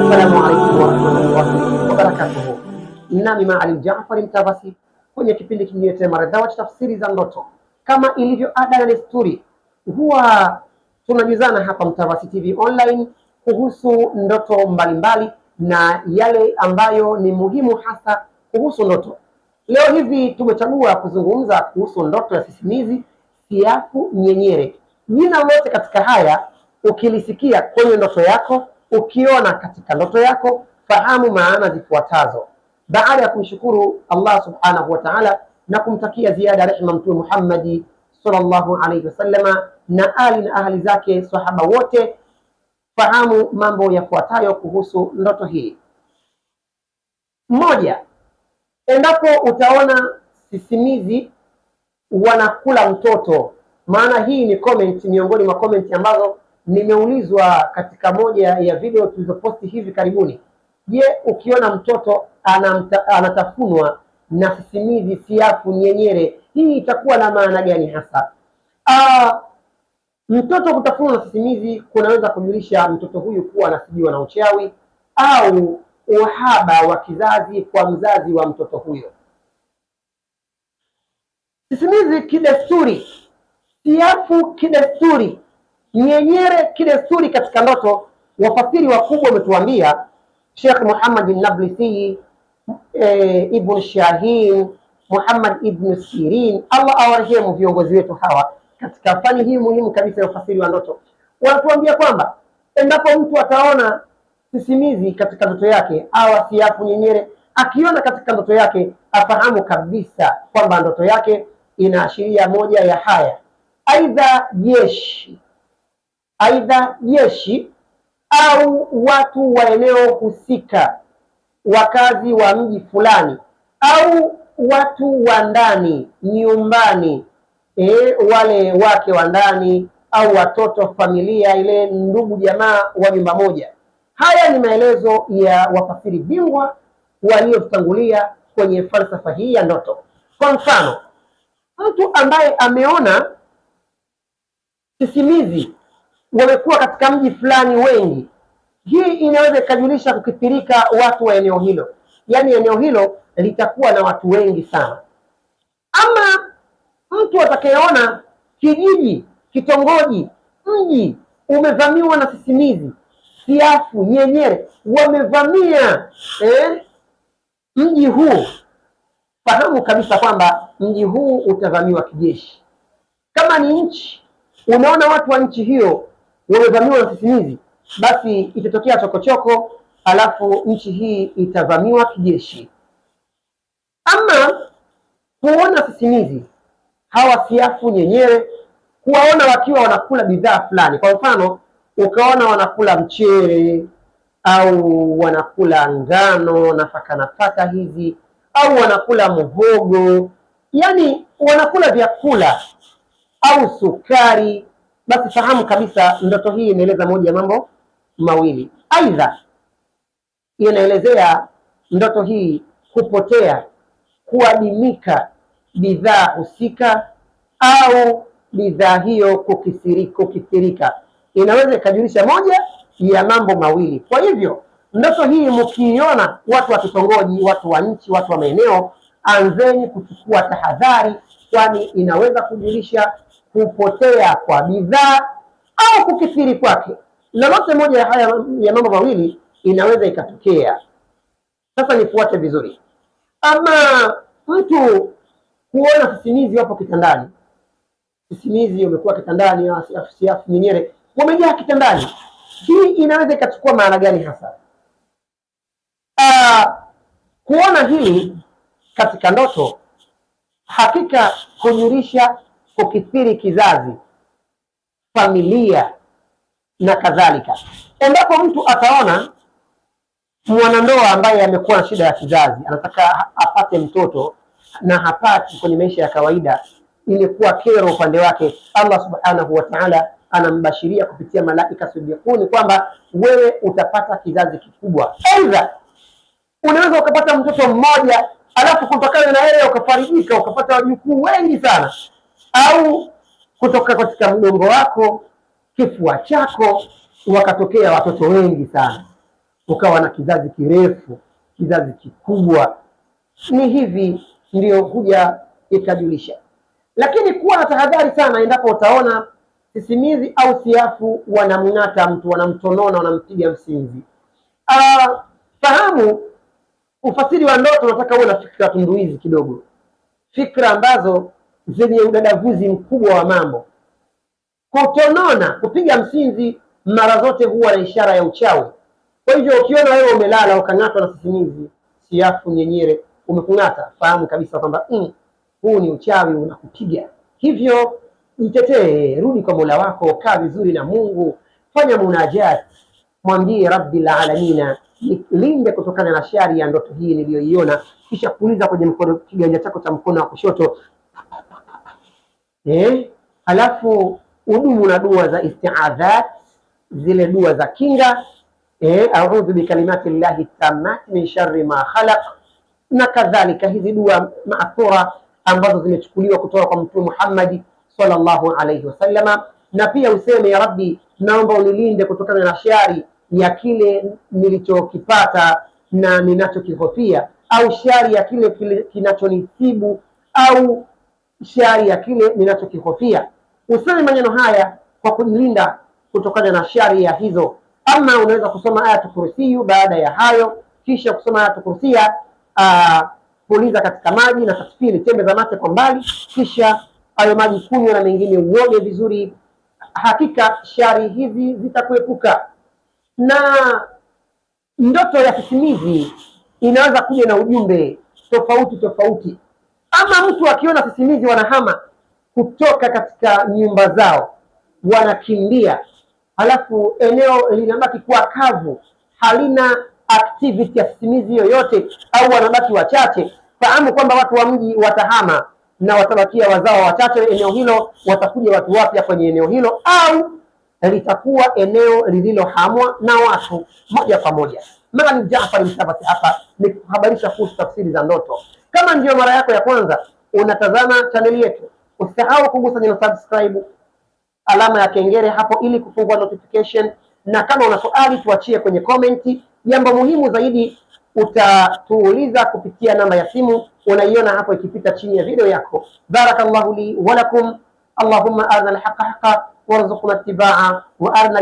Assalamu alaikum warahmatullahi wabarakatuhu. Nami Maalim jafari Mtavassy kwenye kipindi kingine tena maridhawa tafsiri za ndoto. Kama ilivyo ada na desturi, huwa tunajuzana hapa Mtavassy TV online kuhusu ndoto mbalimbali mbali, na yale ambayo ni muhimu hasa kuhusu ndoto. Leo hivi tumechagua kuzungumza kuhusu ndoto ya sisimizi, siafu, nyenyere Jina lote katika haya ukilisikia kwenye ndoto yako, ukiona katika ndoto yako, fahamu maana zifuatazo. Baada ya kumshukuru Allah subhanahu wa ta'ala na kumtakia ziada rehma Mtume Muhammadi sallallahu alaihi wasallama na ali na ahli zake sahaba wote, fahamu mambo yafuatayo kuhusu ndoto hii. Moja, endapo utaona sisimizi wanakula mtoto maana hii ni comment miongoni mwa comment ambazo nimeulizwa katika moja ya video tulizoposti hivi karibuni. Je, ukiona mtoto anamta, anatafunwa na sisimizi, siafu, nyenyere, hii itakuwa na maana gani hasa? Aa, ah, mtoto kutafunwa na sisimizi kunaweza kujulisha mtoto huyu kuwa anasibiwa na uchawi au uhaba wa kizazi kwa mzazi wa mtoto huyo. Sisimizi kidesturi Siafu kidesturi, nyenyere kidesturi katika ndoto. Wafasiri wakubwa wametuambia, Sheikh Muhammad Nablisi, e, Ibn Shahin, Muhammad Ibn Sirin, Allah awarehemu viongozi wetu hawa katika fani hii muhimu kabisa ya ufasiri wa ndoto. Wanatuambia kwamba endapo mtu ataona sisimizi katika ndoto yake au siafu nyenyere akiona katika ndoto yake, afahamu kabisa kwamba ndoto yake inaashiria moja ya haya aidha jeshi aidha jeshi au watu wa eneo husika, wakazi wa mji fulani, au watu wa ndani nyumbani, e, wale wake wa ndani au watoto, familia ile, ndugu jamaa wa nyumba moja. Haya ni maelezo ya wafasiri bingwa waliotangulia kwenye falsafa hii ya ndoto. Kwa mfano, mtu ambaye ameona sisimizi wamekuwa katika mji fulani wengi. Hii inaweza ikajulisha kukithirika watu wa eneo hilo, yaani eneo hilo litakuwa na watu wengi sana. Ama mtu atakayeona kijiji, kitongoji, mji umevamiwa na sisimizi, siafu, nyenyere wamevamia eh, mji huu, fahamu kabisa kwamba mji huu utavamiwa kijeshi. Kama ni nchi unaona watu wa nchi hiyo wamevamiwa na sisimizi, basi itatokea chokochoko, alafu nchi hii itavamiwa kijeshi. Ama kuona sisimizi hawasiafu nyenyewe, kuwaona wakiwa wanakula bidhaa fulani, kwa mfano ukaona wanakula mchele au wanakula ngano, nafaka nafaka hizi, au wanakula muhogo, yani wanakula vyakula au sukari, basi fahamu kabisa ndoto hii inaeleza moja ya mambo mawili. Aidha, inaelezea ndoto hii kupotea, kuadimika bidhaa husika au bidhaa hiyo kukisiri, kukisirika. Inaweza ikajulisha moja ya mambo mawili. Kwa hivyo ndoto hii mkiiona, watu wa kitongoji, watu wa nchi, watu wa maeneo, anzeni kuchukua tahadhari, kwani inaweza kujulisha kupotea kwa bidhaa au kukifiri kwake. Lolote moja ya haya ya mambo mawili inaweza ikatokea. Sasa nifuate vizuri, ama mtu kuona sisimizi wapo kitandani, sisimizi wamekuwa kitandani, nyere wamejaa kitandani, hii inaweza ikachukua maana gani hasa? Uh, kuona hili katika ndoto hakika kujurisha kukithiri kizazi, familia na kadhalika. Endapo mtu ataona mwanandoa ambaye amekuwa na shida ya kizazi anataka apate mtoto na hapati kwenye maisha ya kawaida, imekuwa kero upande wake. Allah subhanahu wa ta'ala anambashiria kupitia malaika sidiquni kwamba wewe utapata kizazi kikubwa. Aidha, unaweza ukapata mtoto mmoja alafu kutokana na yeye ukafarijika ukapata wajukuu wengi sana au kutoka katika mgongo wako, kifua chako, wakatokea watoto wengi sana, ukawa na kizazi kirefu, kizazi kikubwa. Ni hivi ndiyo huja ikajulisha, lakini kuwa na tahadhari sana endapo utaona sisimizi au siafu wanamng'ata mtu, wanamtonona, wanampiga msinzi. Uh, ah, fahamu ufasiri wa ndoto unataka uwe na fikra tunduizi kidogo, fikra ambazo zenye udadavuzi mkubwa wa mambo. Kutonona, kupiga msinzi mara zote huwa na ishara ya uchawi. Kwa hivyo ukiona wewe umelala ukang'atwa na sisimizi, siafu, nyenyere umekung'ata, fahamu kabisa kwamba mm, huu ni uchawi unakupiga. Hivyo jitetee, rudi kwa Mola wako, kaa vizuri na Mungu, fanya munajat, mwambie Rabbil alamina linde kutokana na shari ya ndoto hii niliyoiona, kisha kuuliza kwenye mkono, kiganja chako cha mkono wa kushoto eh? Alafu udumu na dua za istiadhat, zile dua za kinga eh? Audhu bikalimati llahi tamati min sharri ma khalaq na kadhalika, hizi dua maathura ambazo zimechukuliwa kutoka kwa Mtume Muhammadi sallallahu alayhi wasallama, na pia useme ya Rabbi, naomba unilinde kutokana na shari ya kile nilichokipata na ninachokihofia, au shari ya kile kinachonisibu au shari ya kile ninachokihofia. Usome maneno haya kwa kujilinda kutokana na shari ya hizo. Ama unaweza kusoma Ayatul Kursi baada ya hayo, kisha kusoma Ayatul Kursi, ah, puliza katika maji na tasfiri, tembe za mate kwa mbali, kisha hayo maji kunywa na mengine uoge vizuri. Hakika shari hizi zitakuepuka. Na ndoto ya kisimizi inaweza kuja na ujumbe tofauti tofauti. Ama mtu akiona sisimizi wanahama kutoka katika nyumba zao, wanakimbia, halafu eneo linabaki kuwa kavu, halina activity ya sisimizi yoyote, au wanabaki wachache, fahamu kwamba watu wa mji watahama na watabakia wazao wachache eneo hilo. Watakuja watu wapya kwenye eneo hilo, au litakuwa eneo lililohamwa na watu moja kwa moja. Mara ni Jaafar Mtavassy hapa ni kuhabarisha kuhusu tafsiri za ndoto. Kama ndio mara yako ya kwanza unatazama chaneli yetu, usisahau kugusa neno subscribe, alama ya kengele hapo, ili kufungua notification, na kama una swali tuachie kwenye komenti. Jambo muhimu zaidi, utatuuliza kupitia namba ya simu unaiona hapo ikipita chini ya video yako. Barakallahu li wa lakum allahumma arina alhaqa haqa warzuqna ittibaa wa arina